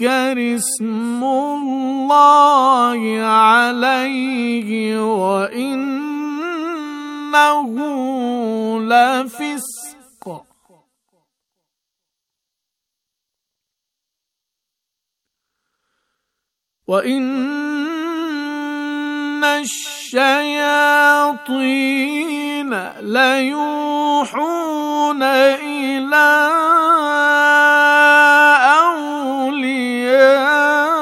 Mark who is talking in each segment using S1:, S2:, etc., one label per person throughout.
S1: يذكر اسم الله عليه وإنه لفسق وإن الشياطين ليوحون إلى أولياء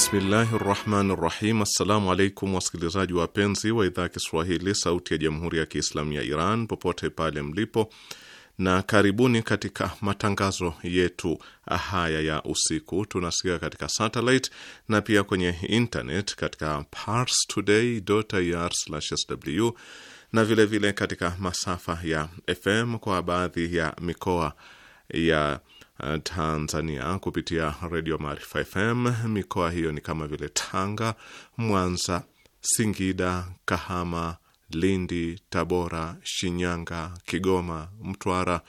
S2: Bismillahi rahmani rahim. Assalamu alaikum wasikilizaji wapenzi wa idhaa ya Kiswahili sauti ya jamhuri ya Kiislamu ya Iran popote pale mlipo, na karibuni katika matangazo yetu haya ya usiku. Tunasikia katika satellite na pia kwenye internet katika parstoday.ir/sw na vilevile vile katika masafa ya FM kwa baadhi ya mikoa ya Eh, Tanzania kupitia redio Maarifa FM. Mikoa hiyo ni kama vile Tanga, Mwanza, Singida, Kahama, Lindi, Tabora, Shinyanga, Kigoma, Mtwara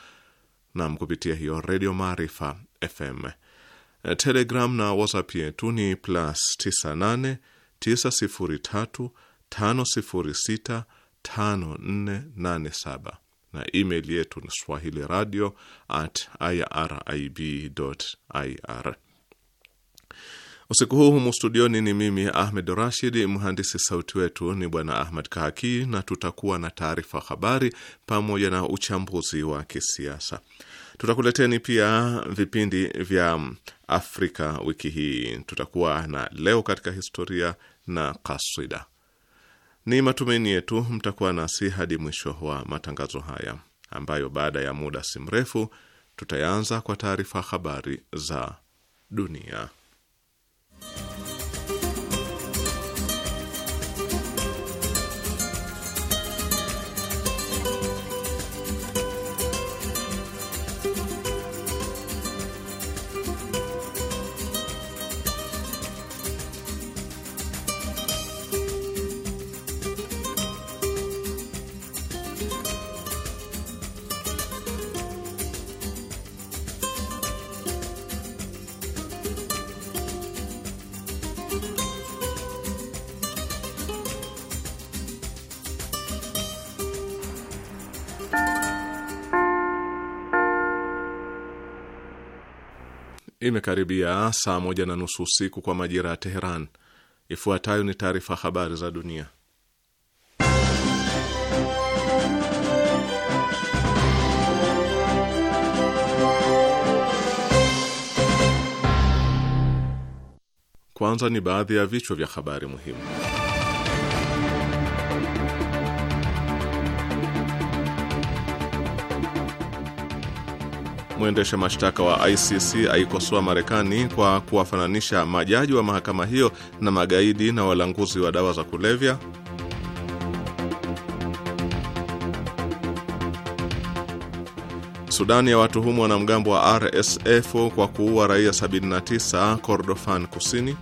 S2: na kupitia hiyo redio Maarifa FM. Eh, Telegram na WhatsApp yetu ni plus 98 903 506 5487 na email yetu ni swahili radio at irib ir. Usiku huu humu studioni ni mimi Ahmed Rashid, mhandisi sauti wetu ni bwana Ahmed Kahaki, na tutakuwa na taarifa habari pamoja na uchambuzi wa kisiasa. Tutakuleteni pia vipindi vya Afrika wiki hii, tutakuwa na leo katika historia na kasida. Ni matumaini yetu mtakuwa nasi hadi mwisho wa matangazo haya ambayo baada ya muda si mrefu tutaanza kwa taarifa habari za dunia. Imekaribia saa moja na nusu usiku kwa majira ya Teheran. Ifuatayo ni taarifa habari za dunia. Kwanza ni baadhi ya vichwa vya habari muhimu. mwendesha mashtaka wa ICC aikosoa Marekani kwa kuwafananisha majaji wa mahakama hiyo na magaidi na walanguzi wa dawa za kulevya. Sudani ya watuhumu wanamgambo wa RSF kwa kuua raia 79 Kordofan Kusini.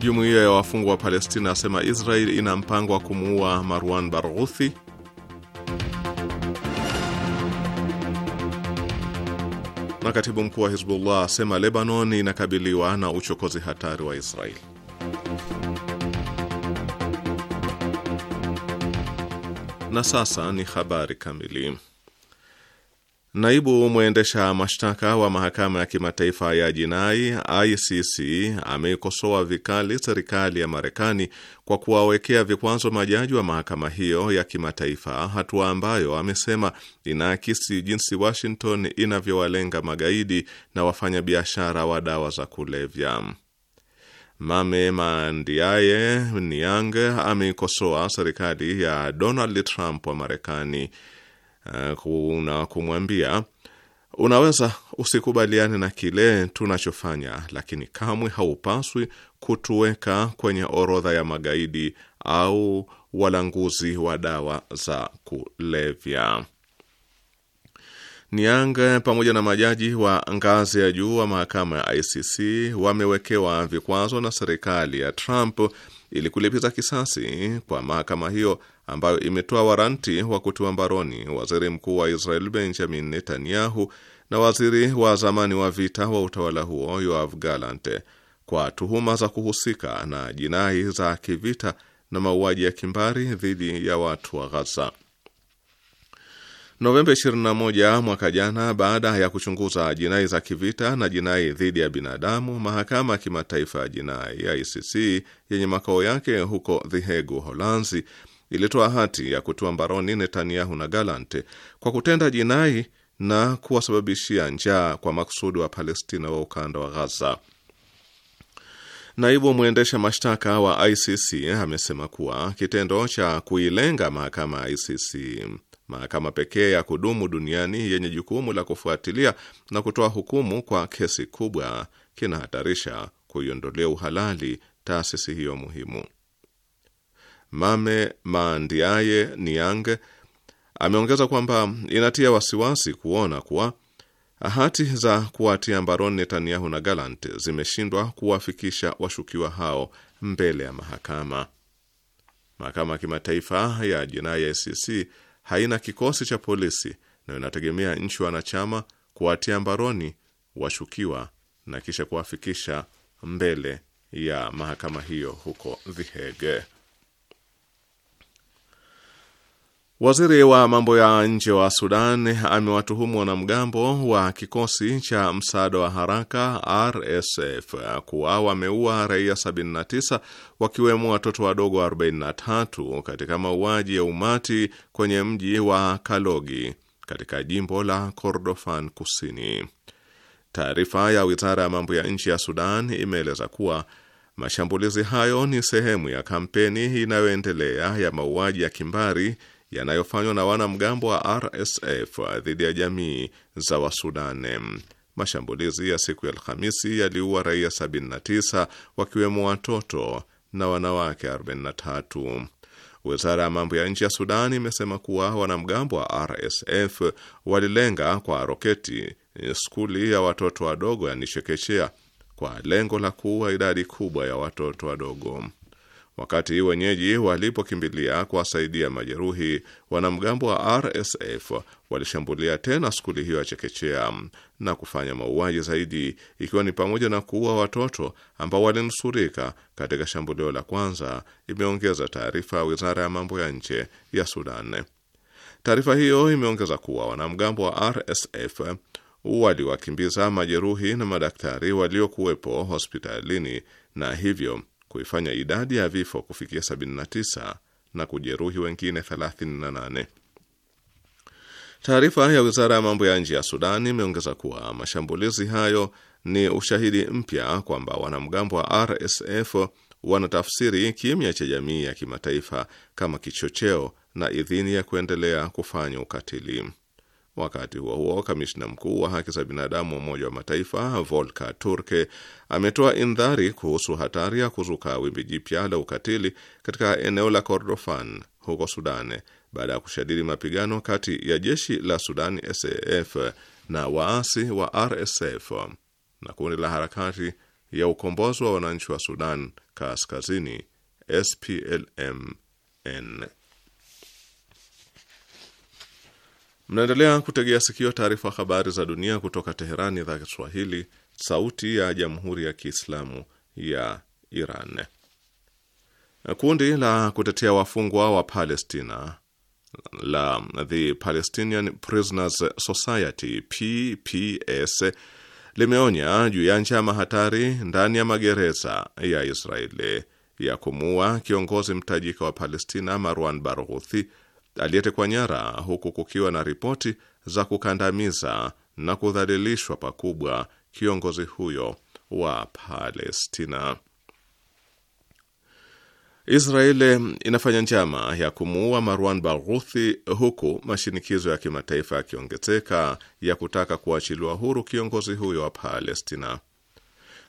S2: Jumuiya ya wafungwa wa Palestina asema Israel ina mpango wa kumuua Marwan barghuthi katibu mkuu wa Hizbullah asema Lebanon inakabiliwa na uchokozi hatari wa Israel. Na sasa ni habari kamili. Naibu mwendesha mashtaka wa mahakama ya kimataifa ya jinai ICC ameikosoa vikali serikali ya Marekani kwa kuwawekea vikwazo majaji wa mahakama hiyo ya kimataifa, hatua ambayo amesema inaakisi jinsi Washington inavyowalenga magaidi na wafanyabiashara wa dawa za kulevya. Mame Mandiaye Niang ameikosoa serikali ya Donald Trump wa Marekani Eh, na kumwambia unaweza usikubaliane na kile tunachofanya, lakini kamwe haupaswi kutuweka kwenye orodha ya magaidi au walanguzi wa dawa za kulevya. Niang pamoja na majaji wa ngazi ya juu wa mahakama ya ICC wamewekewa vikwazo na serikali ya Trump ili kulipiza kisasi kwa mahakama hiyo ambayo imetoa waranti wa kutiwa mbaroni waziri mkuu wa Israel Benjamin Netanyahu na waziri wa zamani wa vita wa utawala huo Yoav Galante kwa tuhuma za kuhusika na jinai za kivita na mauaji ya kimbari dhidi ya watu wa Ghaza. Novemba 21 mwaka jana, baada ya kuchunguza jinai za kivita na jinai dhidi ya binadamu, mahakama ya kimataifa ya jinai ya ICC yenye makao yake huko The Hague, Holanzi, ilitoa hati ya kutua mbaroni Netanyahu na Galante kwa kutenda jinai na kuwasababishia njaa kwa makusudi wa Palestina wa ukanda wa Ghaza. Naibu mwendesha mashtaka wa ICC amesema kuwa kitendo cha kuilenga mahakama ya ICC mahakama pekee ya kudumu duniani yenye jukumu la kufuatilia na kutoa hukumu kwa kesi kubwa, kinahatarisha kuiondolea uhalali taasisi hiyo muhimu. Mame Mandiaye Niang ameongeza kwamba inatia wasiwasi kuona kuwa hati za kuwatia mbaroni Netanyahu na Galant zimeshindwa kuwafikisha washukiwa hao mbele ya mahakama. Mahakama ya kimataifa ya jinai ya ICC haina kikosi cha polisi na inategemea nchi wanachama kuwatia mbaroni washukiwa na kisha kuwafikisha mbele ya mahakama hiyo huko The Hague. Waziri wa mambo ya nje wa Sudan amewatuhumu wanamgambo wa kikosi cha msaada wa haraka RSF kuwa wameua raia 79 wakiwemo watoto wadogo 43 katika mauaji ya umati kwenye mji wa Kalogi katika jimbo la Kordofan Kusini. Taarifa ya wizara ya mambo ya nje ya Sudan imeeleza kuwa mashambulizi hayo ni sehemu ya kampeni inayoendelea ya mauaji ya kimbari yanayofanywa na wanamgambo wa RSF dhidi ya jamii za Wasudan. Mashambulizi ya siku ya Alhamisi yaliua raia 79 wakiwemo watoto na wanawake 43. Wizara ya mambo ya nje ya Sudan imesema kuwa wanamgambo wa RSF walilenga kwa roketi eh, skuli ya watoto wadogo yani chekechea kwa lengo la kuua idadi kubwa ya watoto wadogo. Wakati wenyeji walipokimbilia kuwasaidia majeruhi, wanamgambo wa RSF walishambulia tena skuli hiyo ya chekechea na kufanya mauaji zaidi, ikiwa ni pamoja na kuua watoto ambao walinusurika katika shambulio la kwanza, imeongeza taarifa ya wizara ya mambo ya nje ya Sudan. Taarifa hiyo imeongeza kuwa wanamgambo wa RSF waliwakimbiza majeruhi na madaktari waliokuwepo hospitalini na hivyo kuifanya idadi ya vifo kufikia 79 na kujeruhi wengine 38. Taarifa ya wizara ya mambo ya nje ya Sudan imeongeza kuwa mashambulizi hayo ni ushahidi mpya kwamba wanamgambo wa RSF wanatafsiri kimya cha jamii ya kimataifa kama kichocheo na idhini ya kuendelea kufanya ukatili. Wakati huo huo, kamishna mkuu wa haki za binadamu wa Umoja wa Mataifa Volker Turk ametoa indhari kuhusu hatari ya kuzuka wimbi jipya la ukatili katika eneo la Kordofan huko Sudan baada ya kushadidi mapigano kati ya jeshi la Sudan SAF na waasi wa RSF na kundi la harakati ya ukombozi wa wananchi wa Sudan Kaskazini SPLMN. Mnaendelea kutegea sikio taarifa habari za dunia kutoka Teherani, idhaa Kiswahili, sauti ya jamhuri ya kiislamu ya Iran. Kundi la kutetea wafungwa wa Palestina la The Palestinian Prisoners Society PPS limeonya juu ya njama hatari ndani ya magereza ya Israeli ya kumuua kiongozi mtajika wa Palestina Marwan barghuthi aliyetekwa nyara, huku kukiwa na ripoti za kukandamiza na kudhalilishwa pakubwa kiongozi huyo wa Palestina. Israeli inafanya njama ya kumuua Marwan baruthi huku mashinikizo ya kimataifa yakiongezeka ya kutaka kuachiliwa huru kiongozi huyo wa Palestina.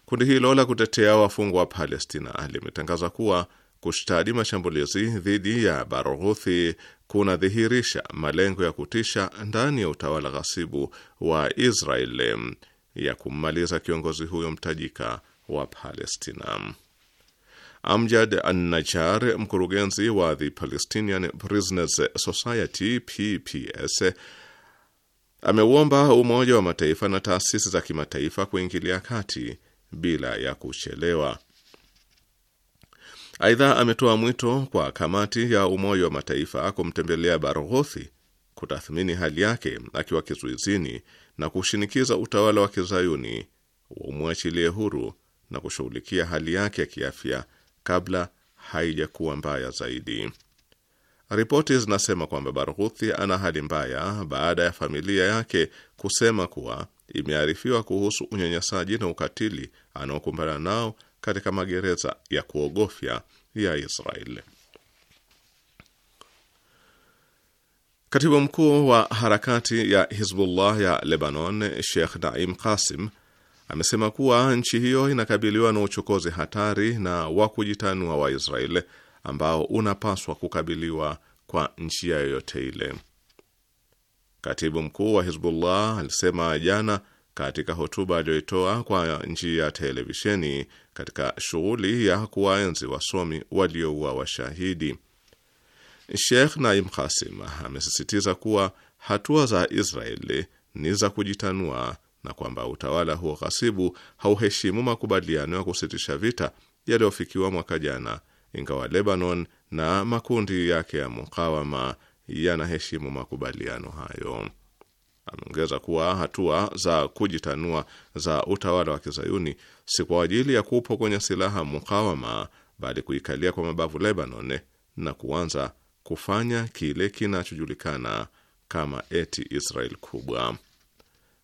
S2: Kundi hilo la kutetea wafungwa wa Palestina limetangaza kuwa Kushtadi mashambulizi dhidi ya Barghuthi kunadhihirisha malengo ya kutisha ndani ya utawala ghasibu wa Israel ya kummaliza kiongozi huyo mtajika wa Palestina. Amjad An-Najjar, mkurugenzi wa The Palestinian Prisoners Society PPS, ameuomba Umoja wa Mataifa na taasisi za kimataifa kuingilia kati bila ya kuchelewa. Aidha, ametoa mwito kwa kamati ya Umoja wa Mataifa kumtembelea Barghothi kutathmini hali yake akiwa kizuizini na kushinikiza utawala wa kizayuni umwachilie huru na kushughulikia hali yake ya kiafya kabla haijakuwa mbaya zaidi. Ripoti zinasema kwamba Barghuthi ana hali mbaya baada ya familia yake kusema kuwa imearifiwa kuhusu unyanyasaji na ukatili anaokumbana nao katika magereza ya kuogofya ya Israeli. Katibu mkuu wa harakati ya Hizbullah ya Lebanon, Sheikh Naim Qasim amesema kuwa nchi hiyo inakabiliwa na uchokozi hatari na wa kujitanua wa Israeli ambao unapaswa kukabiliwa kwa njia yoyote ile. Katibu mkuu wa Hizbullah alisema jana katika hotuba aliyoitoa kwa njia ya televisheni katika shughuli ya kuwaenzi wasomi waliouawa washahidi Sheikh Naim Kasim amesisitiza kuwa hatua za Israeli ni za kujitanua na kwamba utawala huo ghasibu hauheshimu makubaliano ya kusitisha vita yaliyofikiwa mwaka jana, ingawa Lebanon na makundi yake ya mukawama yanaheshimu makubaliano hayo. Ameongeza kuwa hatua za kujitanua za utawala wa kizayuni si kwa ajili ya kwenye silaha mukawama, bali kuikalia kwa mabavu Lebanon na kuanza kufanya kile kinachojulikana kama eti Israel kubwa.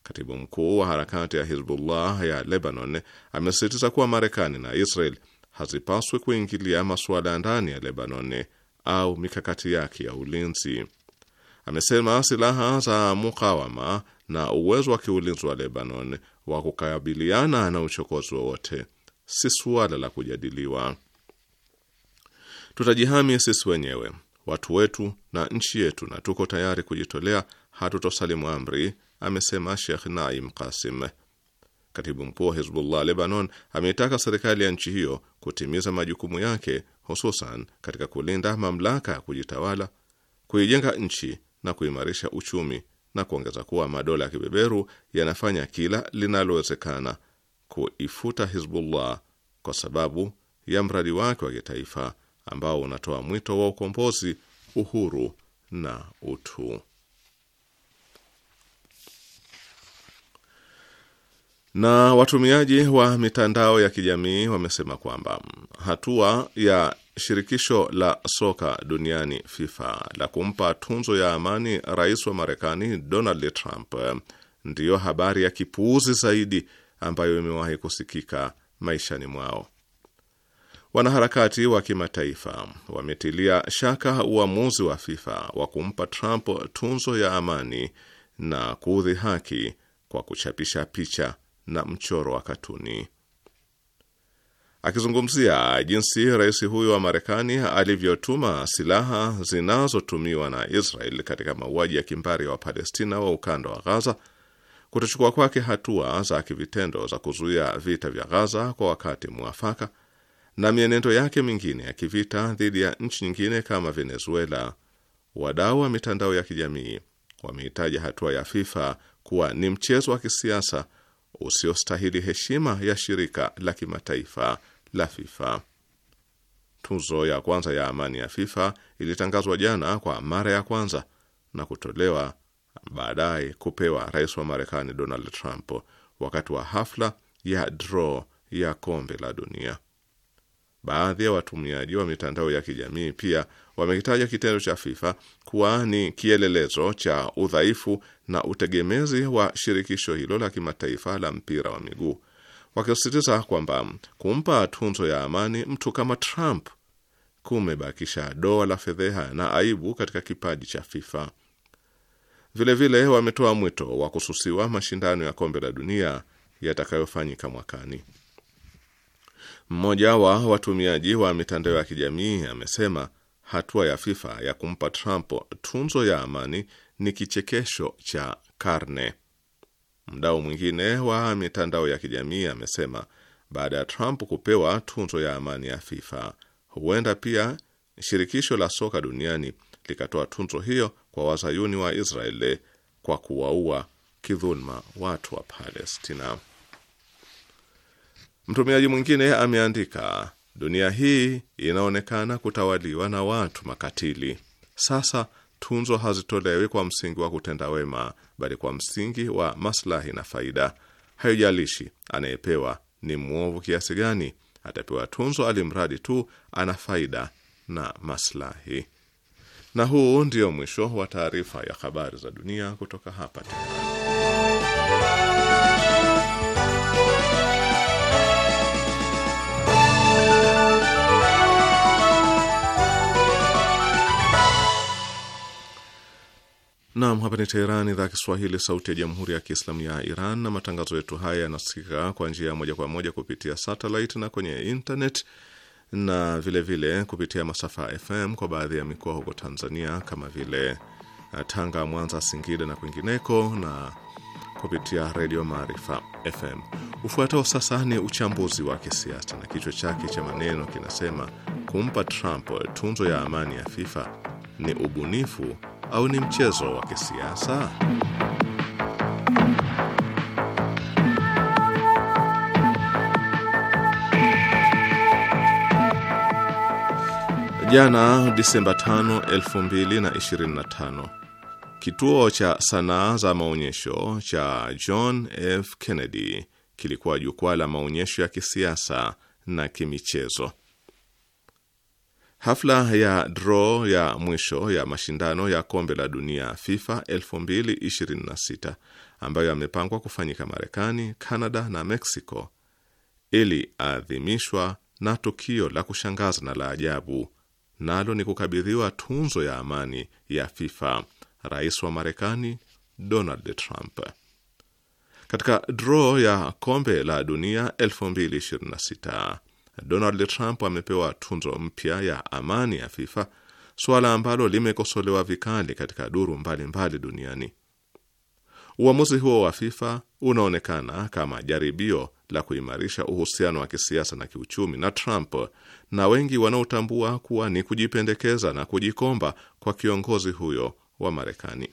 S2: Katibu mkuu wa harakati ya Hizbullah ya Lebanon amesisitiza kuwa Marekani na Israel hazipaswi kuingilia masuala ya ndani ya Lebanon au mikakati yake ya ulinzi. Amesema silaha za mukawama na uwezo wa kiulinzi wa Lebanon wa kukabiliana na uchokozi wowote si suala la kujadiliwa. Tutajihami sisi wenyewe, watu wetu na nchi yetu, na tuko tayari kujitolea, hatutosalimu amri, amesema Sheikh Naim Qasim. Katibu mkuu wa Hizbullah Lebanon ameitaka serikali ya nchi hiyo kutimiza majukumu yake, hususan katika kulinda mamlaka ya kujitawala, kuijenga nchi na kuimarisha uchumi na kuongeza kuwa madola ya kibeberu yanafanya kila linalowezekana kuifuta Hizbullah kwa sababu ya mradi wake wa kitaifa ambao unatoa mwito wa ukombozi, uhuru na utu. Na watumiaji wa mitandao ya kijamii wamesema kwamba hatua ya shirikisho la soka duniani FIFA la kumpa tunzo ya amani rais wa Marekani Donald Trump ndiyo habari ya kipuuzi zaidi ambayo imewahi kusikika maishani mwao. Wanaharakati wa kimataifa wametilia shaka uamuzi wa FIFA wa kumpa Trump tunzo ya amani na kudhi haki kwa kuchapisha picha na mchoro wa katuni Akizungumzia jinsi rais huyo wa Marekani alivyotuma silaha zinazotumiwa na Israel katika mauaji ya kimbari ya wa Wapalestina wa ukanda wa Ghaza, kutochukua kwake hatua za kivitendo za kuzuia vita vya Ghaza kwa wakati mwafaka, na mienendo yake mingine ya kivita dhidi ya nchi nyingine kama Venezuela, wadau wa mitandao ya kijamii wamehitaja hatua ya FIFA kuwa ni mchezo wa kisiasa usiostahili heshima ya shirika la kimataifa la FIFA. Tuzo ya kwanza ya amani ya FIFA ilitangazwa jana kwa mara ya kwanza na kutolewa baadaye kupewa rais wa Marekani Donald Trump wakati wa hafla ya draw ya kombe la dunia. Baadhi ya watumiaji wa mitandao ya kijamii pia wamekitaja kitendo cha FIFA kuwa ni kielelezo cha udhaifu na utegemezi wa shirikisho hilo la kimataifa la mpira wa miguu wakisisitiza kwamba kumpa tunzo ya amani mtu kama Trump kumebakisha doa la fedheha na aibu katika kipaji cha FIFA. Vilevile wametoa mwito wa kususiwa mashindano ya kombe la dunia yatakayofanyika mwakani. Mmoja wa watumiaji wa mitandao ya kijamii amesema hatua ya FIFA ya kumpa Trump tunzo ya amani ni kichekesho cha karne. Mdau mwingine wa mitandao ya kijamii amesema baada ya Trump kupewa tunzo ya amani ya FIFA, huenda pia shirikisho la soka duniani likatoa tunzo hiyo kwa wazayuni wa Israeli kwa kuwaua kidhulma watu wa Palestina. Mtumiaji mwingine ameandika, dunia hii inaonekana kutawaliwa na watu makatili. Sasa tunzo hazitolewi kwa msingi wa kutenda wema, bali kwa msingi wa maslahi na faida. Haijalishi anayepewa ni mwovu kiasi gani, atapewa tunzo alimradi tu ana faida na maslahi. Na huu ndio mwisho wa taarifa ya habari za dunia kutoka hapa Tehran. Naam, hapa ni teheran idhaa Kiswahili, sauti ya jamhuri ya kiislamu ya Iran, na matangazo yetu haya yanasikika kwa njia ya moja kwa moja kupitia satellite na kwenye internet na vilevile vile kupitia masafa ya FM kwa baadhi ya mikoa huko Tanzania kama vile uh, Tanga, Mwanza, Singida na kwingineko na kupitia redio Maarifa FM. Ufuatao sasa ni uchambuzi wa kisiasa na kichwa chake cha maneno kinasema kumpa Trump tunzo ya amani ya FIFA ni ubunifu au ni mchezo wa kisiasa? Jana Disemba 5, 2025 kituo cha sanaa za maonyesho cha John F Kennedy kilikuwa jukwaa la maonyesho ya kisiasa na kimichezo. Hafla ya draw ya mwisho ya mashindano ya kombe la dunia FIFA 2026 ambayo yamepangwa kufanyika Marekani, canada na Mexico iliadhimishwa na tukio la kushangaza na la ajabu, nalo ni kukabidhiwa tunzo ya amani ya FIFA rais wa Marekani Donald Trump. Katika draw ya kombe la dunia Donald Trump amepewa tunzo mpya ya amani ya FIFA, suala ambalo limekosolewa vikali katika duru mbalimbali mbali duniani. Uamuzi huo wa FIFA unaonekana kama jaribio la kuimarisha uhusiano wa kisiasa na kiuchumi na Trump na wengi wanaotambua kuwa ni kujipendekeza na kujikomba kwa kiongozi huyo wa Marekani.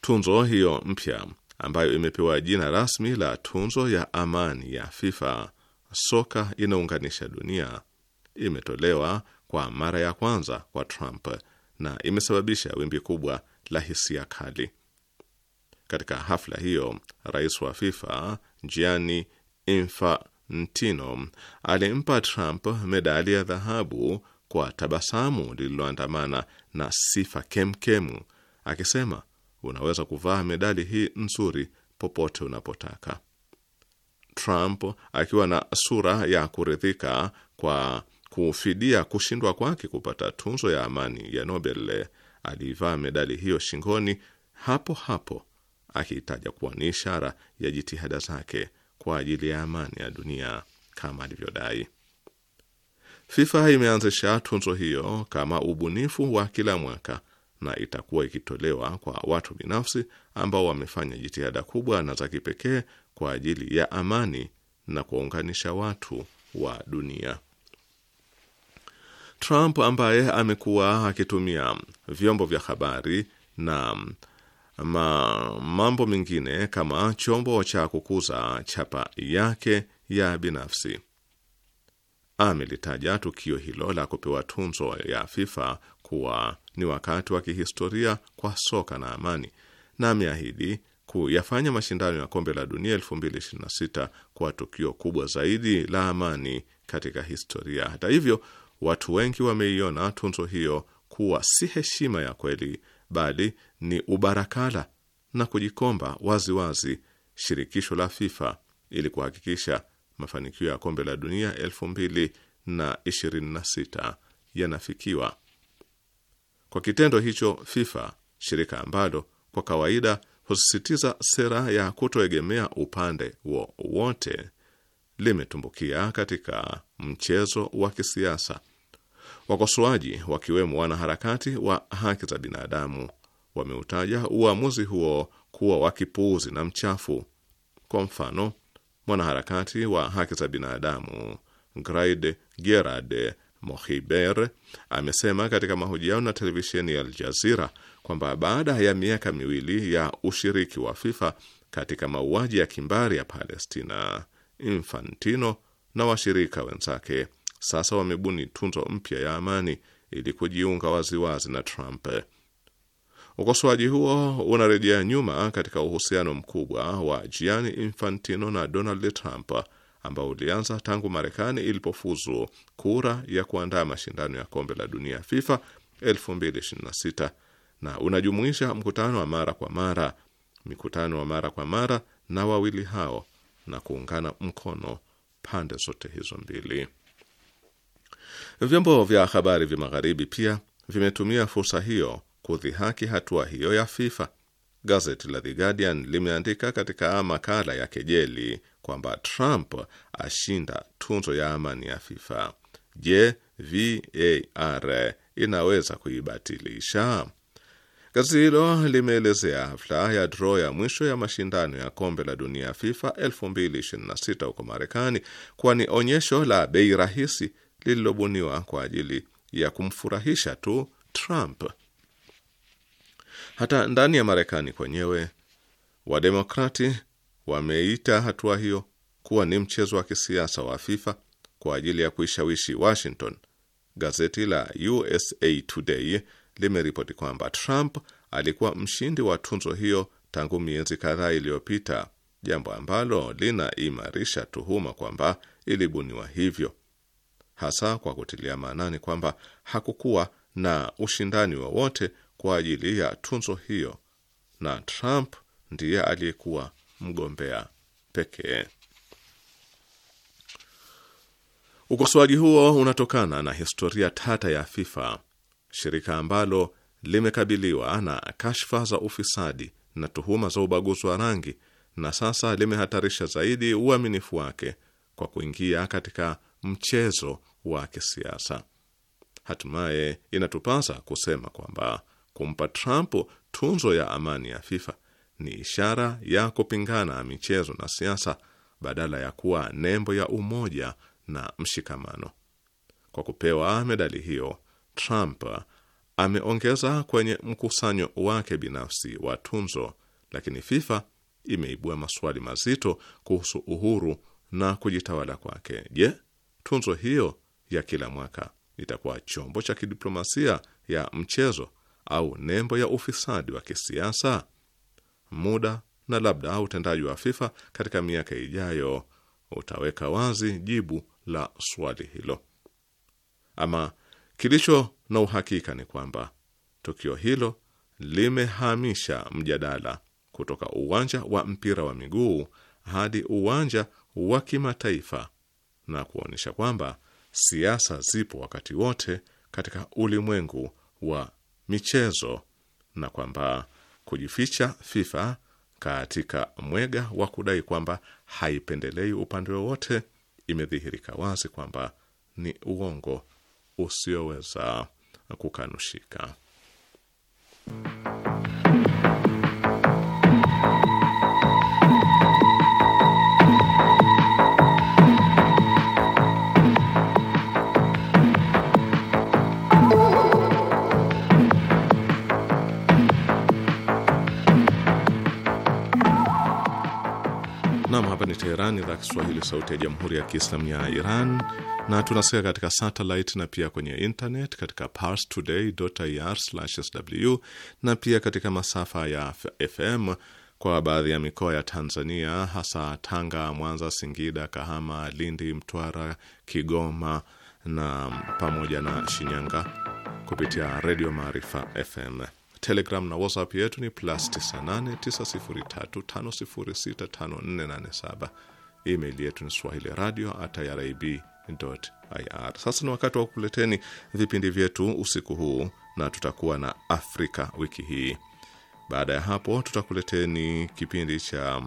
S2: Tunzo hiyo mpya ambayo imepewa jina rasmi la tunzo ya amani ya FIFA soka inaunganisha dunia imetolewa kwa mara ya kwanza kwa Trump na imesababisha wimbi kubwa la hisia kali. Katika hafla hiyo, rais wa FIFA Gianni Infantino alimpa Trump medali ya dhahabu kwa tabasamu lililoandamana na sifa kemkemu, akisema, unaweza kuvaa medali hii nzuri popote unapotaka. Trump akiwa na sura ya kuridhika kwa kufidia kushindwa kwake kupata tunzo ya amani ya Nobel, aliivaa medali hiyo shingoni hapo hapo, akiitaja kuwa ni ishara ya jitihada zake kwa ajili ya amani ya dunia kama alivyodai. FIFA imeanzisha tunzo hiyo kama ubunifu wa kila mwaka na itakuwa ikitolewa kwa watu binafsi ambao wamefanya jitihada kubwa na za kipekee kwa ajili ya amani na kuwaunganisha watu wa dunia. Trump ambaye amekuwa akitumia vyombo vya habari na ma, mambo mengine kama chombo cha kukuza chapa yake ya binafsi amelitaja tukio hilo la kupewa tunzo ya FIFA kuwa ni wakati wa kihistoria kwa soka na amani, na ameahidi kuyafanya mashindano ya kombe la dunia 2026 kwa tukio kubwa zaidi la amani katika historia. Hata hivyo, watu wengi wameiona tunzo hiyo kuwa si heshima ya kweli, bali ni ubarakala na kujikomba waziwazi wazi shirikisho la FIFA ili kuhakikisha mafanikio ya kombe la dunia 2026 yanafikiwa. Kwa kitendo hicho, FIFA, shirika ambalo kwa kawaida kusisitiza sera ya kutoegemea upande wowote limetumbukia katika mchezo wa kisiasa. Wakosoaji wakiwemo wanaharakati wa haki za binadamu wameutaja uamuzi huo kuwa wa kipuuzi na mchafu. Kwa mfano, mwanaharakati wa haki za binadamu Grid Gerard Mohiber amesema katika mahojiano na televisheni ya Aljazira kwamba baada ya miaka miwili ya ushiriki wa FIFA katika mauaji ya kimbari ya Palestina, Infantino na washirika wenzake sasa wamebuni tunzo mpya ya amani ili kujiunga waziwazi na Trump. Ukosoaji huo unarejea nyuma katika uhusiano mkubwa wa Gianni Infantino na Donald Trump ambao ulianza tangu Marekani ilipofuzu kura ya kuandaa mashindano ya kombe la dunia FIFA 2026 na unajumuisha mkutano wa mara kwa mara, mikutano wa mara kwa mara na wawili hao na kuungana mkono pande zote hizo mbili. Vyombo vya habari vya magharibi pia vimetumia fursa hiyo kudhihaki hatua hiyo ya FIFA. Gazeti la The Guardian limeandika katika makala ya kejeli kwamba Trump ashinda tunzo ya amani ya FIFA. Je, VAR inaweza kuibatilisha? Gazeti hilo limeelezea hafla ya dro ya mwisho ya mashindano ya kombe la dunia FIFA 2026 huko Marekani kuwa ni onyesho la bei rahisi lililobuniwa kwa ajili ya kumfurahisha tu Trump. Hata ndani ya Marekani kwenyewe Wademokrati wameita hatua hiyo kuwa ni mchezo wa kisiasa wa FIFA kwa ajili ya kuishawishi Washington. Gazeti la USA Today limeripoti kwamba Trump alikuwa mshindi wa tunzo hiyo tangu miezi kadhaa iliyopita, jambo ambalo linaimarisha tuhuma kwamba ilibuniwa hivyo, hasa kwa kutilia maanani kwamba hakukuwa na ushindani wowote kwa ajili ya tunzo hiyo na Trump ndiye aliyekuwa mgombea pekee. Ukosoaji huo unatokana na historia tata ya FIFA, shirika ambalo limekabiliwa na kashfa za ufisadi na tuhuma za ubaguzi wa rangi, na sasa limehatarisha zaidi uaminifu wake kwa kuingia katika mchezo wa kisiasa. Hatimaye inatupasa kusema kwamba kumpa Trump tunzo ya amani ya FIFA ni ishara ya kupingana michezo na siasa badala ya kuwa nembo ya umoja na mshikamano. Kwa kupewa medali hiyo, Trump ameongeza kwenye mkusanyo wake binafsi wa tunzo, lakini FIFA imeibua maswali mazito kuhusu uhuru na kujitawala kwake. Je, tunzo hiyo ya kila mwaka itakuwa chombo cha kidiplomasia ya mchezo au nembo ya ufisadi wa kisiasa? muda na labda utendaji wa FIFA katika miaka ijayo utaweka wazi jibu la swali hilo. Ama kilicho na uhakika ni kwamba tukio hilo limehamisha mjadala kutoka uwanja wa mpira wa miguu hadi uwanja wa kimataifa na kuonyesha kwamba siasa zipo wakati wote katika ulimwengu wa michezo na kwamba kujificha FIFA katika mwega wa kudai kwamba haipendelei upande wowote, imedhihirika wazi kwamba ni uongo usioweza kukanushika. Teherani, idhaa Kiswahili, sauti ya jamhuri ya kiislamu ya Iran, na tunasikia katika satellite na pia kwenye internet katika parstoday.ir/sw na pia katika masafa ya FM kwa baadhi ya mikoa ya Tanzania, hasa Tanga, Mwanza, Singida, Kahama, Lindi, Mtwara, Kigoma na pamoja na Shinyanga kupitia Redio Maarifa FM. Telegram na WhatsApp yetu ni plus 98 903 5065487. Email yetu ni swahili radio at irib ir. Sasa ni wakati wa kuleteni vipindi vyetu usiku huu, na tutakuwa na Afrika wiki hii. Baada ya hapo, tutakuleteni kipindi cha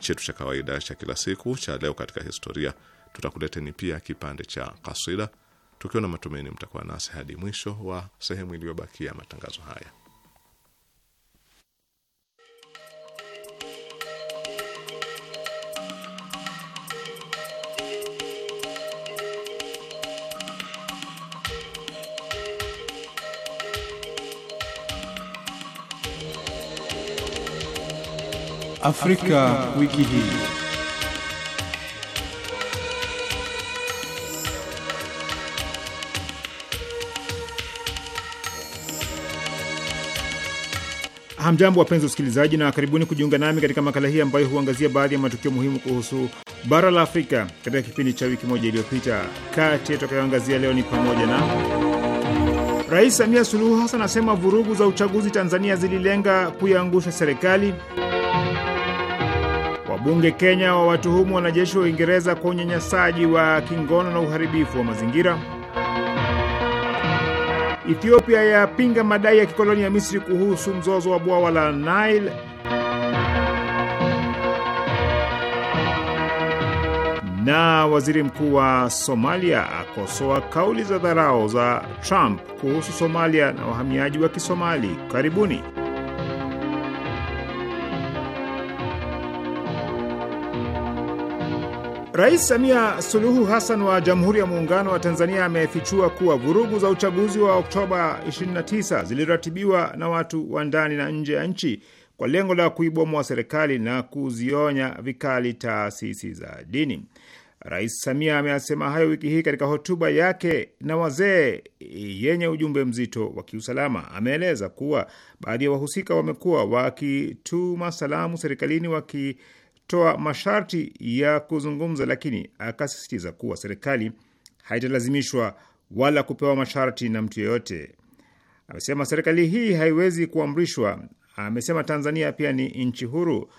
S2: chetu cha kawaida cha kila siku cha leo katika historia. Tutakuleteni pia kipande cha kasida, tukiwa na matumaini mtakuwa nasi hadi mwisho wa sehemu iliyobakia matangazo haya.
S3: Afrika, wiki hii.
S4: Hamjambo wapenzi wasikilizaji, na karibuni kujiunga nami katika makala hii ambayo huangazia baadhi ya matukio muhimu kuhusu bara la Afrika katika kipindi cha wiki moja iliyopita. Kati yatakayoangazia leo ni pamoja na Rais Samia Suluhu hassan asema vurugu za uchaguzi Tanzania zililenga kuiangusha serikali. Bunge Kenya wawatuhumu wanajeshi wa Uingereza kwa unyanyasaji wa kingono na uharibifu wa mazingira. Ethiopia yapinga madai ya kikoloni ya Misri kuhusu mzozo wa bwawa la Nile. Na waziri mkuu wa Somalia akosoa kauli za dharau za Trump kuhusu Somalia na wahamiaji wa Kisomali. Karibuni. Rais Samia Suluhu Hassan wa Jamhuri ya Muungano wa Tanzania amefichua kuwa vurugu za uchaguzi wa Oktoba 29 ziliratibiwa na watu wa ndani na nje ya nchi kwa lengo la kuibomoa serikali na kuzionya vikali taasisi za dini. Rais Samia ameyasema hayo wiki hii katika hotuba yake na wazee yenye ujumbe mzito wa kiusalama. Ameeleza kuwa baadhi ya wahusika wamekuwa wakituma salamu serikalini waki kutoa masharti ya kuzungumza, lakini akasisitiza kuwa serikali haitalazimishwa wala kupewa masharti na mtu yeyote. Amesema serikali hii haiwezi kuamrishwa. Amesema Tanzania pia ni nchi huru.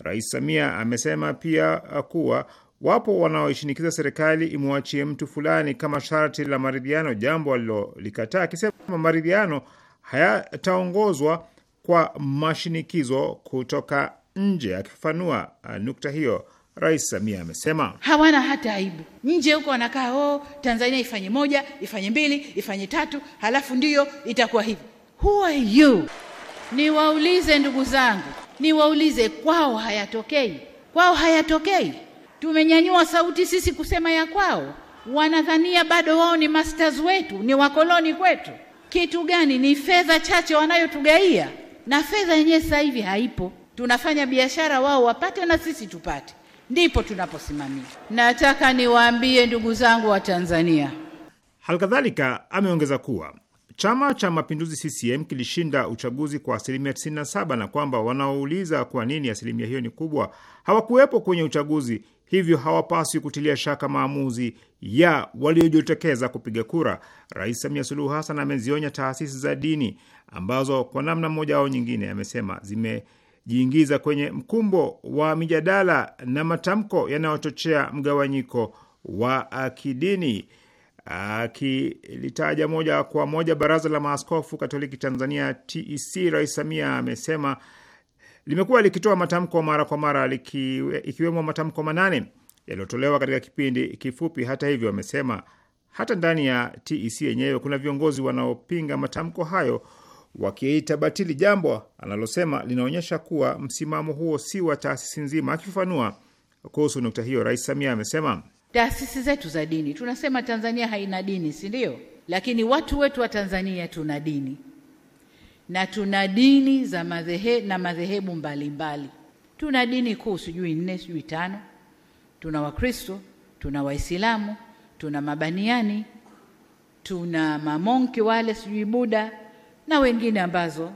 S4: Rais Samia amesema pia kuwa wapo wanaoishinikiza serikali imwachie mtu fulani kama sharti la maridhiano, jambo alilolikataa akisema maridhiano hayataongozwa kwa mashinikizo kutoka nje. Akifafanua uh, nukta hiyo, Rais Samia amesema
S5: hawana hata aibu. Nje huko wanakaa oh, Tanzania ifanye moja, ifanye mbili, ifanye tatu, halafu ndiyo itakuwa hivi. Who are you? Niwaulize ndugu zangu, niwaulize, kwao hayatokei, kwao hayatokei. Tumenyanyua sauti sisi kusema ya kwao, wanadhania bado wao ni masters wetu, ni wakoloni kwetu. Kitu gani? Ni fedha chache wanayotugaia, na fedha yenyewe sasa hivi haipo tunafanya biashara, wao wapate na sisi tupate, ndipo tunaposimamia. Nataka niwaambie ndugu zangu wa Tanzania.
S4: Halikadhalika ameongeza kuwa Chama cha Mapinduzi CCM kilishinda uchaguzi kwa asilimia 97 na kwamba wanaouliza kwa nini asilimia hiyo ni kubwa hawakuwepo kwenye uchaguzi, hivyo hawapaswi kutilia shaka maamuzi ya waliojitokeza kupiga kura. Rais Samia Suluhu Hassan amezionya taasisi za dini ambazo kwa namna moja au nyingine, amesema zime kujiingiza kwenye mkumbo wa mijadala na matamko yanayochochea mgawanyiko wa kidini. Akilitaja moja kwa moja Baraza la Maaskofu Katoliki Tanzania, TEC, Rais Samia amesema limekuwa likitoa matamko mara kwa mara ikiwemo matamko manane yaliyotolewa katika kipindi kifupi. Hata hivyo, amesema hata ndani ya TEC yenyewe kuna viongozi wanaopinga matamko hayo wakiita batili, jambo analosema linaonyesha kuwa msimamo huo si wa taasisi nzima. Akifafanua kuhusu nukta hiyo, Rais Samia amesema
S5: taasisi zetu za dini, tunasema Tanzania haina dini, si ndio? Lakini watu wetu wa Tanzania tuna dini na tuna dini za madhehe na madhehebu mbalimbali. Tuna dini kuu sijui nne sijui tano. Tuna Wakristo, tuna Waislamu, tuna Mabaniani, tuna mamonki wale sijui Buda na wengine ambazo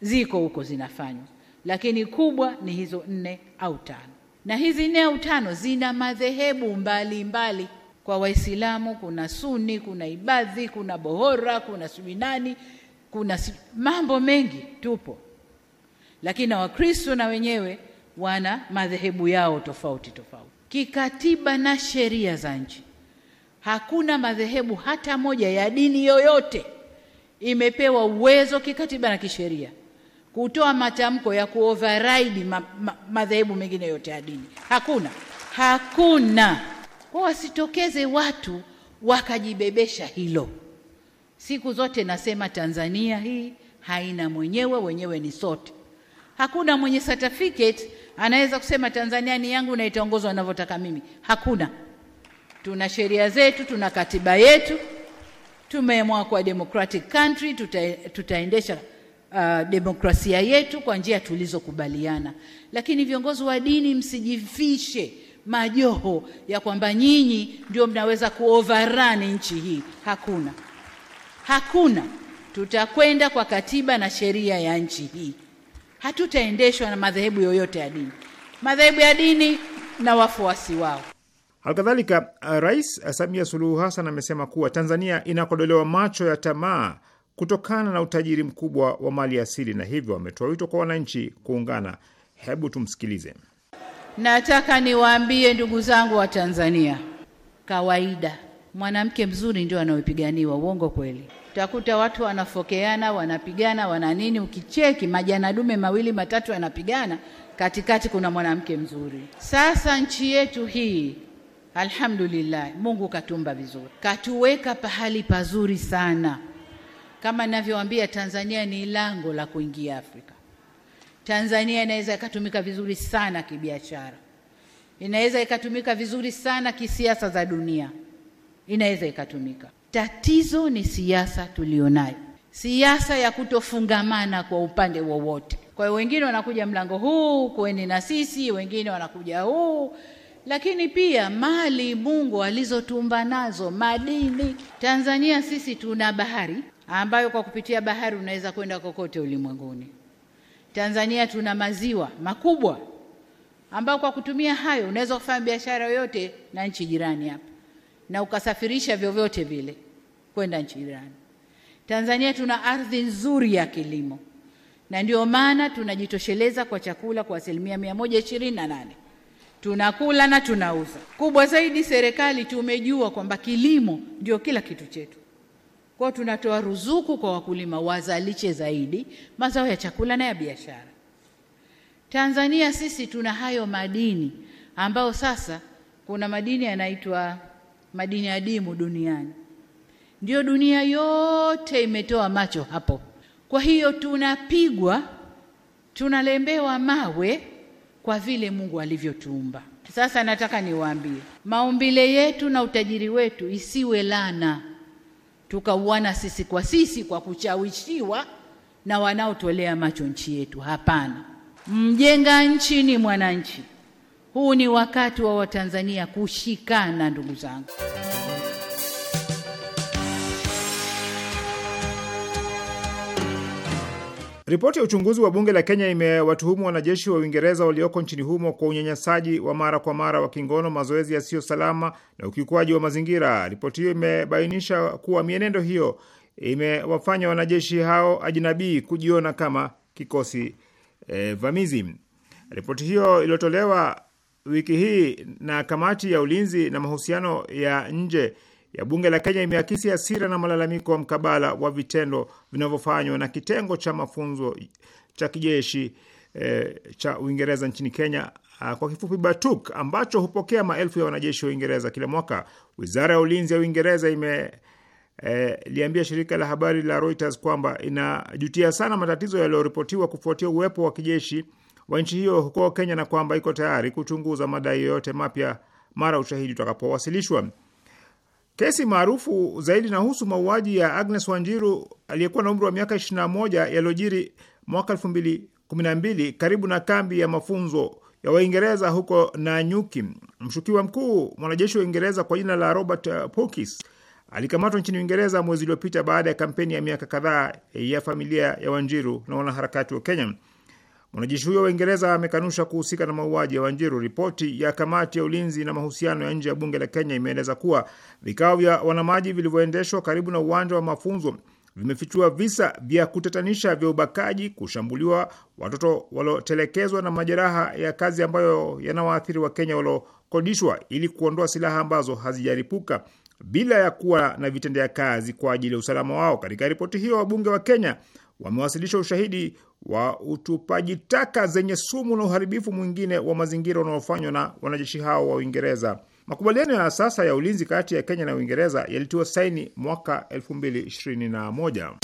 S5: ziko huko zinafanywa, lakini kubwa ni hizo nne au tano, na hizi nne au tano zina madhehebu mbalimbali mbali. Kwa Waislamu kuna Suni, kuna Ibadhi, kuna Bohora, kuna Subinani, kuna mambo mengi tupo, lakini na Wakristo na wenyewe wana madhehebu yao tofauti tofauti. Kikatiba na sheria za nchi hakuna madhehebu hata moja ya dini yoyote imepewa uwezo kikatiba na kisheria kutoa matamko ya override ma, ma, madhehebu mengine yote ya dini. Hakuna, hakuna. Kwa wasitokeze watu wakajibebesha hilo. Siku zote nasema Tanzania hii haina mwenyewe, wenyewe ni sote. Hakuna mwenye certificate anaweza kusema Tanzania ni yangu na itaongozwa ninavyotaka mimi. Hakuna. Tuna sheria zetu, tuna katiba yetu tumeamua kwa democratic country tuta, tutaendesha uh, demokrasia yetu kwa njia tulizokubaliana. Lakini viongozi wa dini msijifishe majoho ya kwamba nyinyi ndio mnaweza kuoverrun nchi hii. Hakuna, hakuna. Tutakwenda kwa katiba na sheria ya nchi hii, hatutaendeshwa na madhehebu yoyote ya dini, madhehebu ya dini na wafuasi wao.
S4: Halikadhalika, Rais Samia Suluhu Hassan amesema kuwa Tanzania inakodolewa macho ya tamaa kutokana na utajiri mkubwa wa mali asili, na hivyo ametoa wito kwa wananchi kuungana. Hebu tumsikilize.
S5: Nataka niwaambie ndugu zangu wa Tanzania, kawaida mwanamke mzuri ndio anaopiganiwa. Uongo kweli? Utakuta watu wanafokeana, wanapigana, wana nini. Ukicheki majana dume mawili matatu yanapigana, katikati kuna mwanamke mzuri. Sasa nchi yetu hii Alhamdulillah, Mungu katumba vizuri, katuweka pahali pazuri sana. Kama ninavyowaambia, Tanzania ni lango la kuingia Afrika. Tanzania inaweza ikatumika vizuri sana kibiashara, inaweza ikatumika vizuri sana kisiasa za dunia, inaweza ikatumika. Tatizo ni siasa tulionayo, siasa ya kutofungamana kwa upande wowote. Kwa hiyo wengine wanakuja mlango huu, kueni na sisi, wengine wanakuja huu lakini pia mali Mungu alizotumba nazo madini. Tanzania sisi tuna bahari ambayo kwa kupitia bahari unaweza kwenda kokote ulimwenguni. Tanzania tuna maziwa makubwa ambayo kwa kutumia hayo unaweza kufanya biashara yoyote na nchi jirani hapa na ukasafirisha vyovyote vile kwenda nchi jirani. Tanzania tuna ardhi nzuri ya kilimo na ndio maana tunajitosheleza kwa chakula kwa asilimia nane tunakula na tunauza. Kubwa zaidi, serikali tumejua kwamba kilimo ndio kila kitu chetu, kwao tunatoa ruzuku kwa wakulima wazalishe zaidi mazao ya chakula na ya biashara. Tanzania sisi tuna hayo madini ambayo sasa kuna madini yanaitwa madini adimu duniani, ndio dunia yote imetoa macho hapo. Kwa hiyo tunapigwa, tunalembewa mawe kwa vile Mungu alivyotuumba. Sasa nataka niwaambie, maumbile yetu na utajiri wetu isiwe lana, tukauana sisi kwa sisi kwa kuchawishiwa na wanaotolea macho nchi yetu. Hapana, mjenga nchi ni mwananchi. Huu ni wakati wa Watanzania kushikana, ndugu zangu.
S4: Ripoti ya uchunguzi wa bunge la Kenya imewatuhumu wanajeshi wa Uingereza walioko nchini humo kwa unyanyasaji wa mara kwa mara wa kingono, mazoezi yasiyo salama na ukiukwaji wa mazingira. Ripoti hiyo imebainisha kuwa mienendo hiyo imewafanya wanajeshi hao ajinabii kujiona kama kikosi e, vamizi. Ripoti hiyo iliyotolewa wiki hii na kamati ya ulinzi na mahusiano ya nje ya bunge la Kenya imeakisi hasira na malalamiko wa mkabala wa vitendo vinavyofanywa na kitengo cha mafunzo cha kijeshi e, cha Uingereza nchini Kenya ah, kwa kifupi BATUK ambacho hupokea maelfu ya wanajeshi wa Uingereza kila mwaka. Wizara ya ulinzi ya Uingereza imeliambia eh, e, shirika la habari la Reuters kwamba inajutia sana matatizo yaliyoripotiwa kufuatia uwepo wa kijeshi wa nchi hiyo huko Kenya na kwamba iko tayari kuchunguza madai yoyote mapya mara ushahidi utakapowasilishwa. Kesi maarufu zaidi inahusu mauaji ya Agnes Wanjiru aliyekuwa na umri wa miaka 21 yaliyojiri mwaka 2012 karibu na kambi ya mafunzo ya Waingereza huko Nanyuki. Mshukiwa mkuu mwanajeshi wa Uingereza kwa jina la Robert uh, Pokis alikamatwa nchini Uingereza mwezi uliopita baada ya kampeni ya miaka kadhaa ya familia ya Wanjiru na wanaharakati wa Kenya. Mwanajeshi huyo wa Uingereza amekanusha kuhusika na mauaji ya Wanjiru. Ripoti ya kamati ya ulinzi na mahusiano ya nje ya bunge la Kenya imeeleza kuwa vikao vya wanamaji vilivyoendeshwa karibu na uwanja wa mafunzo vimefichua visa vya kutatanisha vya ubakaji, kushambuliwa watoto waliotelekezwa na majeraha ya kazi ambayo yanawaathiri Wakenya waliokodishwa ili kuondoa silaha ambazo hazijaripuka bila ya kuwa na vitendea kazi kwa ajili ya usalama wao. Katika ripoti hiyo, wabunge wa Kenya wamewasilisha ushahidi wa utupaji taka zenye sumu na uharibifu mwingine wa mazingira unaofanywa na wanajeshi hao wa Uingereza. Makubaliano ya sasa ya ulinzi kati ya Kenya na Uingereza yalitiwa saini mwaka 2021.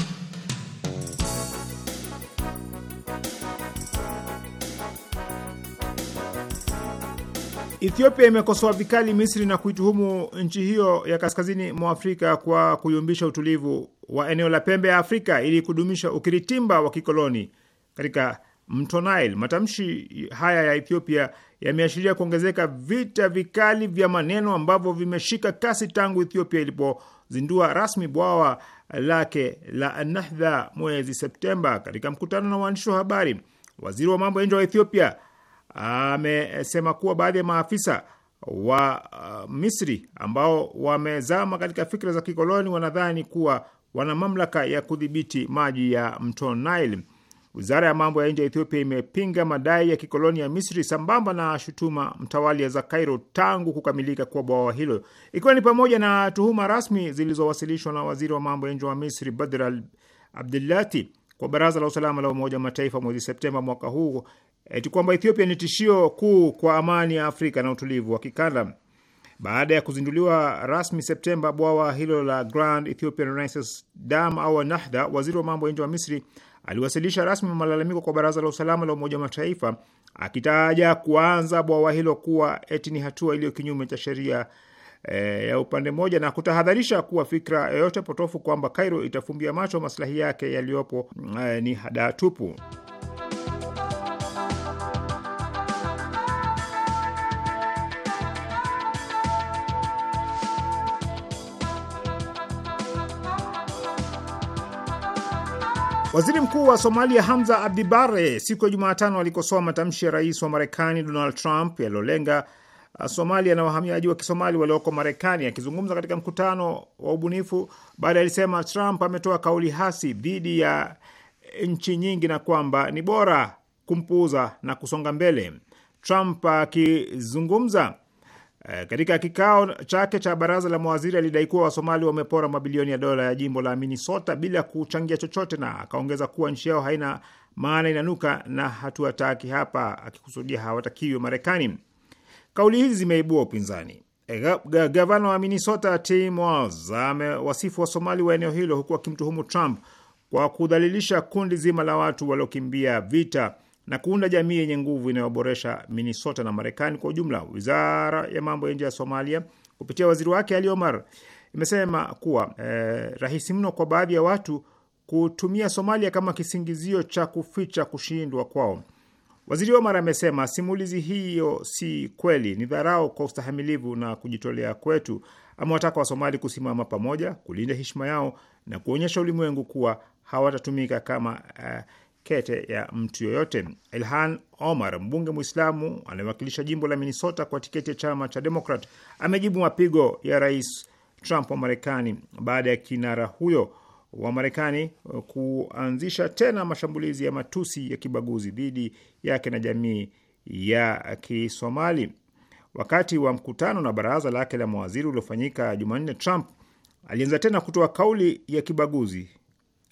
S4: Ethiopia imekosoa vikali Misri na kuituhumu nchi hiyo ya kaskazini mwa Afrika kwa kuyumbisha utulivu wa eneo la pembe ya Afrika ili kudumisha ukiritimba wa kikoloni katika mto Nile. Matamshi haya ya Ethiopia yameashiria kuongezeka vita vikali vya maneno ambavyo vimeshika kasi tangu Ethiopia ilipozindua rasmi bwawa lake la Nahdha mwezi Septemba. Katika mkutano na waandishi wa habari, waziri wa mambo ya nje wa Ethiopia amesema kuwa baadhi ya maafisa wa uh, Misri ambao wamezama katika fikra za kikoloni wanadhani kuwa wana mamlaka ya kudhibiti maji ya mto Nile. Wizara ya mambo ya nje ya Ethiopia imepinga madai ya kikoloni ya Misri sambamba na shutuma mtawalia za Cairo tangu kukamilika kwa bwawa hilo, ikiwa ni pamoja na tuhuma rasmi zilizowasilishwa na waziri wa mambo ya nje wa Misri Badr Abdulati kwa Baraza la Usalama la Umoja wa Mataifa mwezi Septemba mwaka huu eti kwamba Ethiopia ni tishio kuu kwa amani ya Afrika na utulivu wa kikanda. Baada ya kuzinduliwa rasmi Septemba bwawa hilo la Grand Ethiopian Renaissance Dam au Nahda, waziri wa mambo ya nje wa Misri aliwasilisha rasmi malalamiko kwa Baraza la Usalama la Umoja wa Mataifa akitaja kuanza bwawa hilo kuwa eti ni hatua iliyo kinyume cha sheria e, ya upande mmoja na kutahadharisha kuwa fikra yoyote potofu kwamba Cairo itafumbia macho maslahi yake yaliyopo e, ni hadatupu tupu. Waziri mkuu wa Somalia Hamza Abdi barre siku ya Jumatano alikosoa matamshi ya rais wa Marekani Donald Trump yaliyolenga uh, Somalia na wahamiaji wa Kisomali walioko Marekani. Akizungumza katika mkutano wa ubunifu baada, alisema Trump ametoa kauli hasi dhidi ya nchi nyingi na kwamba ni bora kumpuuza na kusonga mbele. Trump akizungumza Eh, katika kikao chake cha baraza la mawaziri alidai kuwa Wasomali wamepora mabilioni ya dola ya jimbo la Minnesota bila kuchangia chochote, na akaongeza kuwa nchi yao haina maana, inanuka na hatuwataki hapa, akikusudia hawatakiwi Marekani. Kauli hizi zimeibua upinzani. Eh, gavana wa Minnesota Tim Walz amewasifu Wasomali wa eneo hilo huku akimtuhumu Trump kwa kudhalilisha kundi zima la watu waliokimbia vita na kuunda jamii yenye nguvu inayoboresha Minnesota na Marekani kwa ujumla. Wizara ya mambo ya nje ya Somalia kupitia waziri wake Ali Omar imesema kuwa eh, rahisi mno kwa baadhi ya watu kutumia Somalia kama kisingizio cha kuficha kushindwa kwao. Waziri Omar amesema simulizi hiyo si kweli, ni dharau kwa ustahamilivu na kujitolea kwetu. Amewataka Wasomali kusimama pamoja, kulinda heshima yao na kuonyesha ulimwengu kuwa hawatatumika kama eh, kete ya mtu yoyote. Ilhan Omar, mbunge Mwislamu anayewakilisha jimbo la Minnesota kwa tiketi ya chama cha Demokrat, amejibu mapigo ya Rais Trump wa Marekani baada ya kinara huyo wa Marekani uh, kuanzisha tena mashambulizi ya matusi ya kibaguzi dhidi yake na jamii ya Kisomali. Wakati wa mkutano na baraza lake la mawaziri uliofanyika Jumanne, Trump alianza tena kutoa kauli ya kibaguzi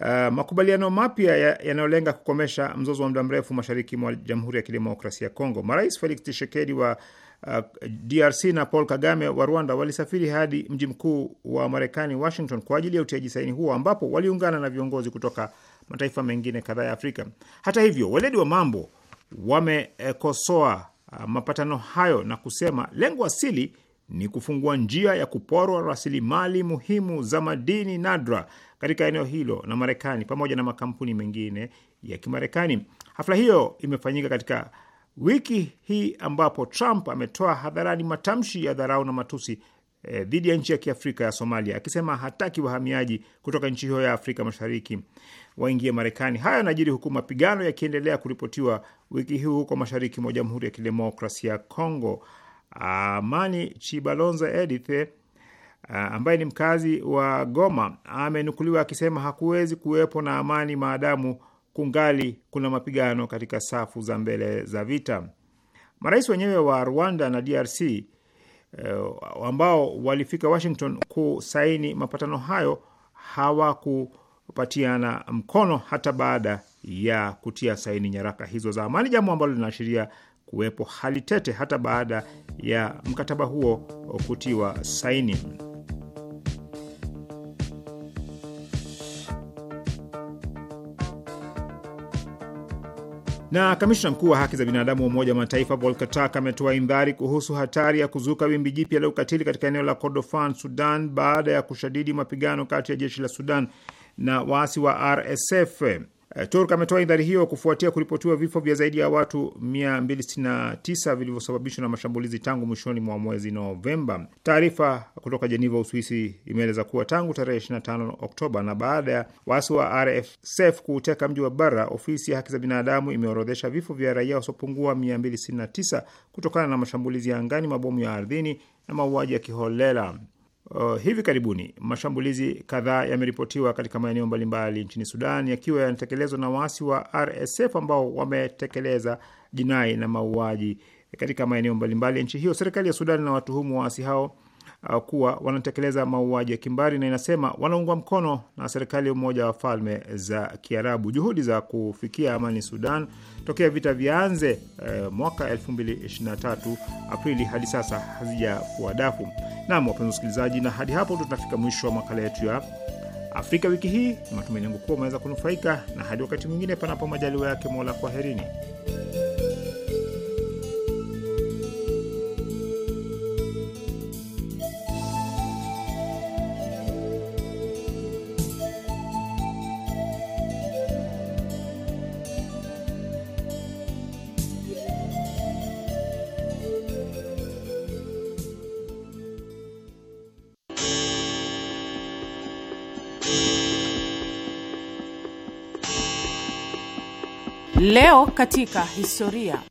S4: Uh, makubaliano mapya yanayolenga ya kukomesha mzozo wa muda mrefu mashariki mwa Jamhuri ya Kidemokrasia ya Kongo. Marais Felix Tshisekedi wa uh, DRC na Paul Kagame wa Rwanda walisafiri hadi mji mkuu wa Marekani Washington kwa ajili ya utiaji saini huo ambapo waliungana na viongozi kutoka mataifa mengine kadhaa ya Afrika. Hata hivyo, weledi wa mambo wamekosoa uh, mapatano hayo na kusema lengo asili ni kufungua njia ya kuporwa rasilimali muhimu za madini nadra katika eneo hilo na Marekani pamoja na makampuni mengine ya Kimarekani. Hafla hiyo imefanyika katika wiki hii ambapo Trump ametoa hadharani matamshi ya dharau na matusi eh, dhidi ya nchi ya Kiafrika ya Somalia akisema hataki wahamiaji kutoka nchi hiyo ya Afrika Mashariki waingie Marekani. Hayo yanajiri huku mapigano yakiendelea kuripotiwa wiki hii huko mashariki mwa Jamhuri ya Kidemokrasia ya Kongo. Amani Chibalonza Edith eh, ambaye ni mkazi wa Goma amenukuliwa akisema hakuwezi kuwepo na amani maadamu kungali kuna mapigano katika safu za mbele za vita. Marais wenyewe wa Rwanda na DRC e, ambao walifika Washington kusaini mapatano hayo hawakupatiana mkono hata baada ya kutia saini nyaraka hizo za amani, jambo ambalo linaashiria kuwepo hali tete hata baada ya mkataba huo kutiwa saini. Na kamishna mkuu wa haki za binadamu wa Umoja wa Mataifa Volker Turk ametoa indhari kuhusu hatari ya kuzuka wimbi jipya la ukatili katika eneo la Kordofan, Sudan, baada ya kushadidi mapigano kati ya jeshi la Sudan na waasi wa RSF. Eh, Turk ametoa indhari hiyo kufuatia kuripotiwa vifo vya zaidi ya watu 269 vilivyosababishwa na mashambulizi tangu mwishoni mwa mwezi Novemba. Taarifa kutoka Jeneva, Uswisi, imeeleza kuwa tangu tarehe 25 Oktoba na baada ya waasi wa RSF kuuteka mji wa Bara, ofisi ya haki za binadamu imeorodhesha vifo vya raia wasiopungua 269 kutokana na mashambulizi ya angani, mabomu ya ardhini na mauaji ya kiholela. Uh, hivi karibuni mashambulizi kadhaa yameripotiwa katika maeneo mbalimbali nchini Sudan yakiwa yanatekelezwa na waasi wa RSF ambao wametekeleza jinai na mauaji katika maeneo mbalimbali ya nchi hiyo. Serikali ya Sudan na watuhumu waasi hao kuwa wanatekeleza mauaji ya kimbari na inasema wanaungwa mkono na serikali ya Umoja wa Falme za Kiarabu. Juhudi za kufikia amani Sudan tokea vita vyaanze eh, mwaka 2023 Aprili hadi sasa hazijafua dafu. Naam, wapenzi wasikilizaji, na hadi hapo ndo tunafika mwisho wa makala yetu ya Afrika wiki hii. Matumaini yangu kuwa umeweza kunufaika, na hadi wakati mwingine, panapo majaliwa yake Mola, kwaherini.
S5: Leo katika historia.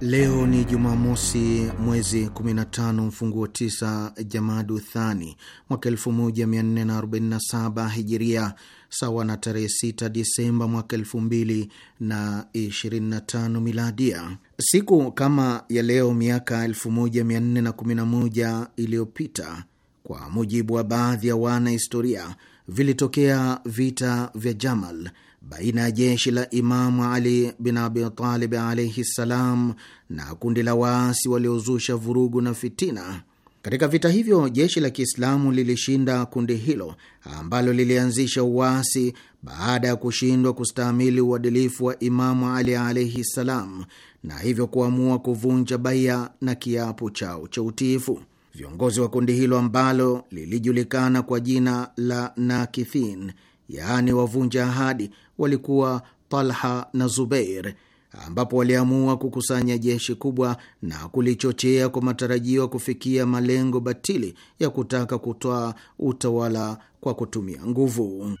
S6: Leo ni Jumamosi, mwezi 15 mfunguo 9 Jamadu Thani mwaka 1447 Hijiria, sawa na tarehe 6 Disemba mwaka 2025 Miladia. Siku kama ya leo miaka 1411 iliyopita kwa mujibu wa baadhi ya wanahistoria, vilitokea vita vya Jamal baina ya jeshi la Imamu Ali bin Abitalib alaihi ssalam na kundi la waasi waliozusha vurugu na fitina. Katika vita hivyo jeshi la Kiislamu lilishinda kundi hilo ambalo lilianzisha uasi baada ya kushindwa kustaamili uadilifu wa Imamu Ali alaihi ssalam, na hivyo kuamua kuvunja baia na kiapo chao cha utiifu. Viongozi wa kundi hilo ambalo lilijulikana kwa jina la Nakithin, yaani wavunja ahadi, walikuwa Talha na Zubeir, ambapo waliamua kukusanya jeshi kubwa na kulichochea kwa matarajio ya kufikia malengo batili ya kutaka kutoa utawala kwa kutumia nguvu.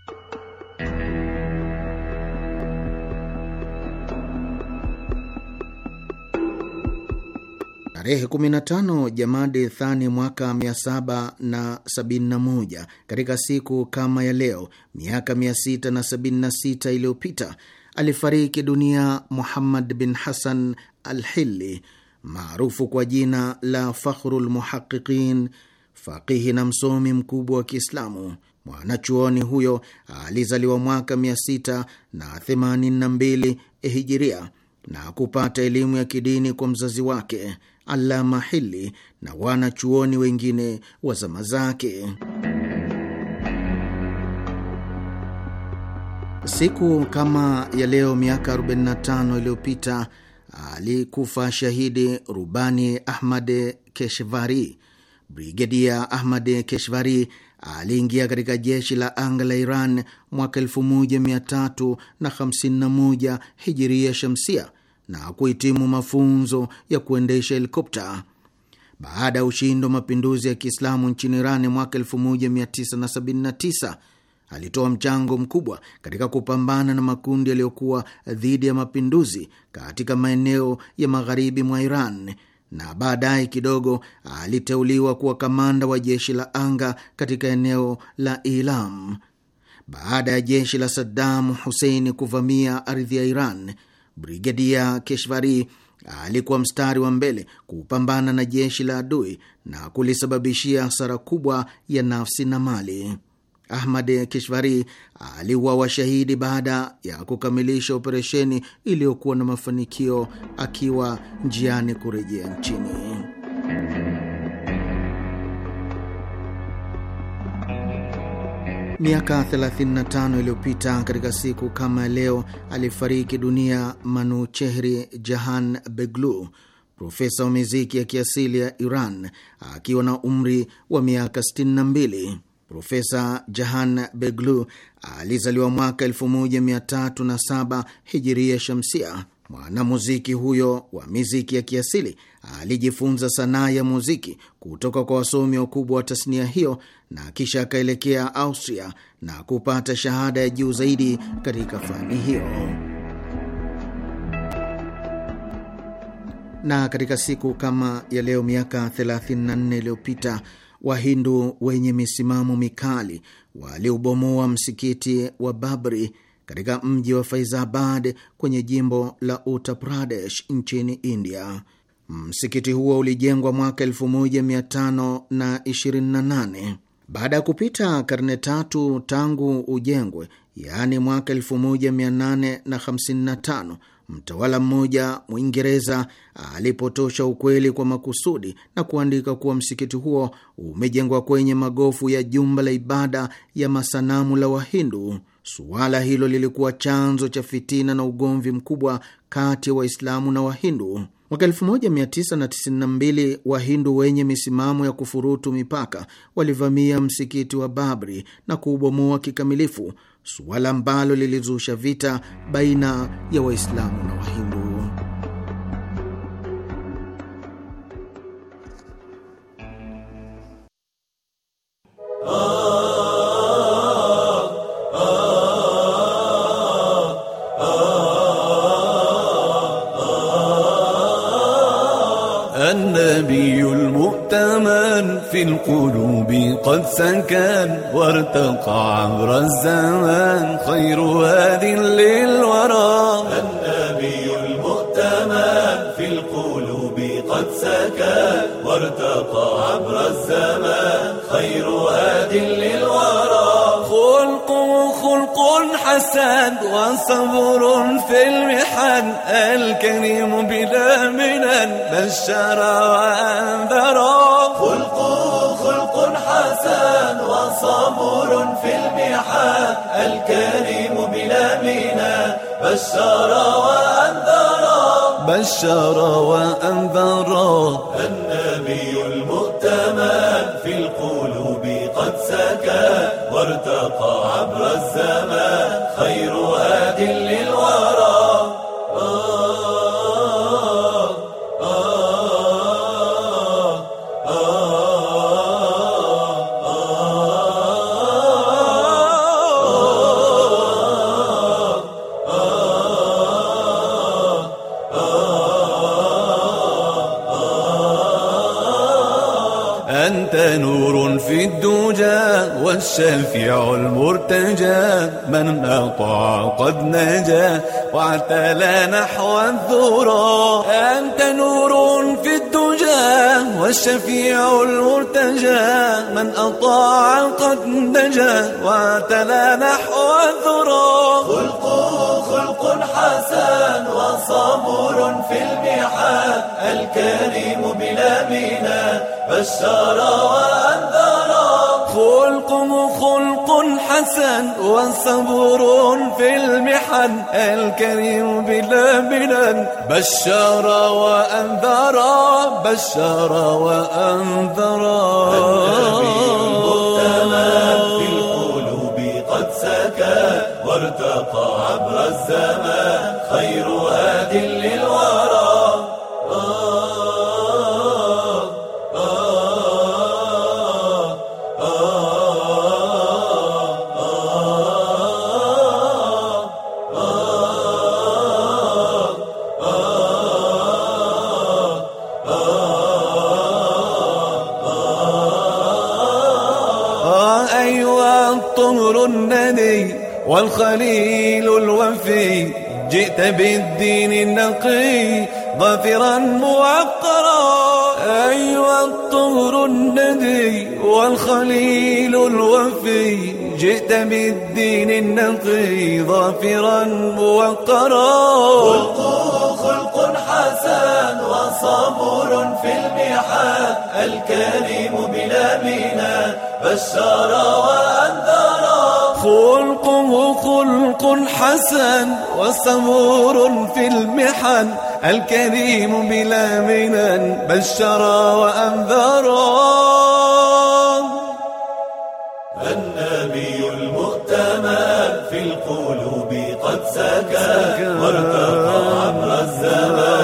S6: Tarehe 15 Jamadi Thani mwaka 771 katika siku kama ya leo miaka 676 iliyopita alifariki dunia Muhammad bin Hasan al hilli maarufu kwa jina la Fakhrul Muhaqiqin, faqihi na msomi mkubwa wa Kiislamu. Mwanachuoni huyo alizaliwa mwaka 682 hijiria na kupata elimu ya kidini kwa mzazi wake. Alama Hili na wanachuoni wengine wa zama zake. Siku kama ya leo miaka 45 iliyopita alikufa shahidi rubani Ahmad Keshvari. Brigedia Ahmad Keshvari aliingia katika jeshi la anga la Iran mwaka 1351 hijiria shamsia na kuhitimu mafunzo ya kuendesha helikopta. Baada ya ushindi wa mapinduzi ya Kiislamu nchini Irani mwaka 1979 alitoa mchango mkubwa katika kupambana na makundi yaliyokuwa dhidi ya mapinduzi katika maeneo ya magharibi mwa Iran na baadaye kidogo aliteuliwa kuwa kamanda wa jeshi la anga katika eneo la Ilam. Baada ya jeshi la Saddam Hussein kuvamia ardhi ya Iran, brigedia Keshvari alikuwa mstari wa mbele kupambana na jeshi la adui na kulisababishia hasara kubwa ya nafsi na mali. Ahmad keshvari aliwa washahidi baada ya kukamilisha operesheni iliyokuwa na mafanikio akiwa njiani kurejea nchini. Miaka 35 iliyopita katika siku kama ya leo alifariki dunia Manu Chehri Jahan Beglu, profesa wa miziki ya kiasili ya Iran akiwa na umri wa miaka 62. Profesa Jahan Beglu alizaliwa mwaka 1307 hijiria shamsia. Mwanamuziki huyo wa miziki ya kiasili alijifunza sanaa ya muziki kutoka kwa wasomi wakubwa wa tasnia hiyo na kisha akaelekea Austria na kupata shahada ya juu zaidi katika fani hiyo. Na katika siku kama ya leo miaka 34 iliyopita Wahindu wenye misimamo mikali waliobomoa msikiti wa Babri katika mji wa Faizabad kwenye jimbo la Uttar Pradesh nchini India. Msikiti huo ulijengwa mwaka 1528 baada ya kupita karne tatu tangu ujengwe, yaani mwaka 1855 mtawala mmoja Mwingereza alipotosha ukweli kwa makusudi na kuandika kuwa msikiti huo umejengwa kwenye magofu ya jumba la ibada ya masanamu la Wahindu. Suala hilo lilikuwa chanzo cha fitina na ugomvi mkubwa kati ya Waislamu na Wahindu. Mwaka 1992 Wahindu wenye misimamo ya kufurutu mipaka walivamia msikiti wa Babri na kuubomoa kikamilifu, suala ambalo lilizusha vita baina ya Waislamu na Wahindu. Oh.
S3: النبي المؤتمن في القلوب قد سكن وارتقى عبر الزمان خير هاد للورى
S7: النبي المؤتمن في القلوب قد سكن وارتقى عبر الزمان خير هاد
S3: حسن وصبر في المحن الكريم بلا منن بشر
S7: وأنذر خلق خلق حسن وصبر في المحن الكريم بلا منن بشر وأنذر
S3: بشر وأنذر
S7: النبي
S3: الشفيع المرتجى من أطاع قد نجا واعتلى نحو الذرى أنت نور في الدجى والشفيع المرتجى من أطاع قد نجا واعتلى نحو الذرى خلقه خلق حسن
S7: وصبور في المحال الكريم بلا منا بشر وأنذر
S3: حسن وصبور في المحن الكريم بلا بلا بشر وأنذر بشر وأنذر في القلوب قد سكى وارتقى عبر الزمان خير الخليل الوفي جئت بالدين النقي ظافرا موقرا أيها الطهر الندي والخليل الوفي جئت بالدين النقي ظافرا موقرا
S7: خلق خلق حسن وصبر في المحال الكريم بلا بنا بشر وأنذر
S3: خلقه خلق حسن وسمور في المحن الكريم بلا منن بشر
S7: وأنذر النبي المؤتمن في القلوب قد سكن وارتقى عبر الزمان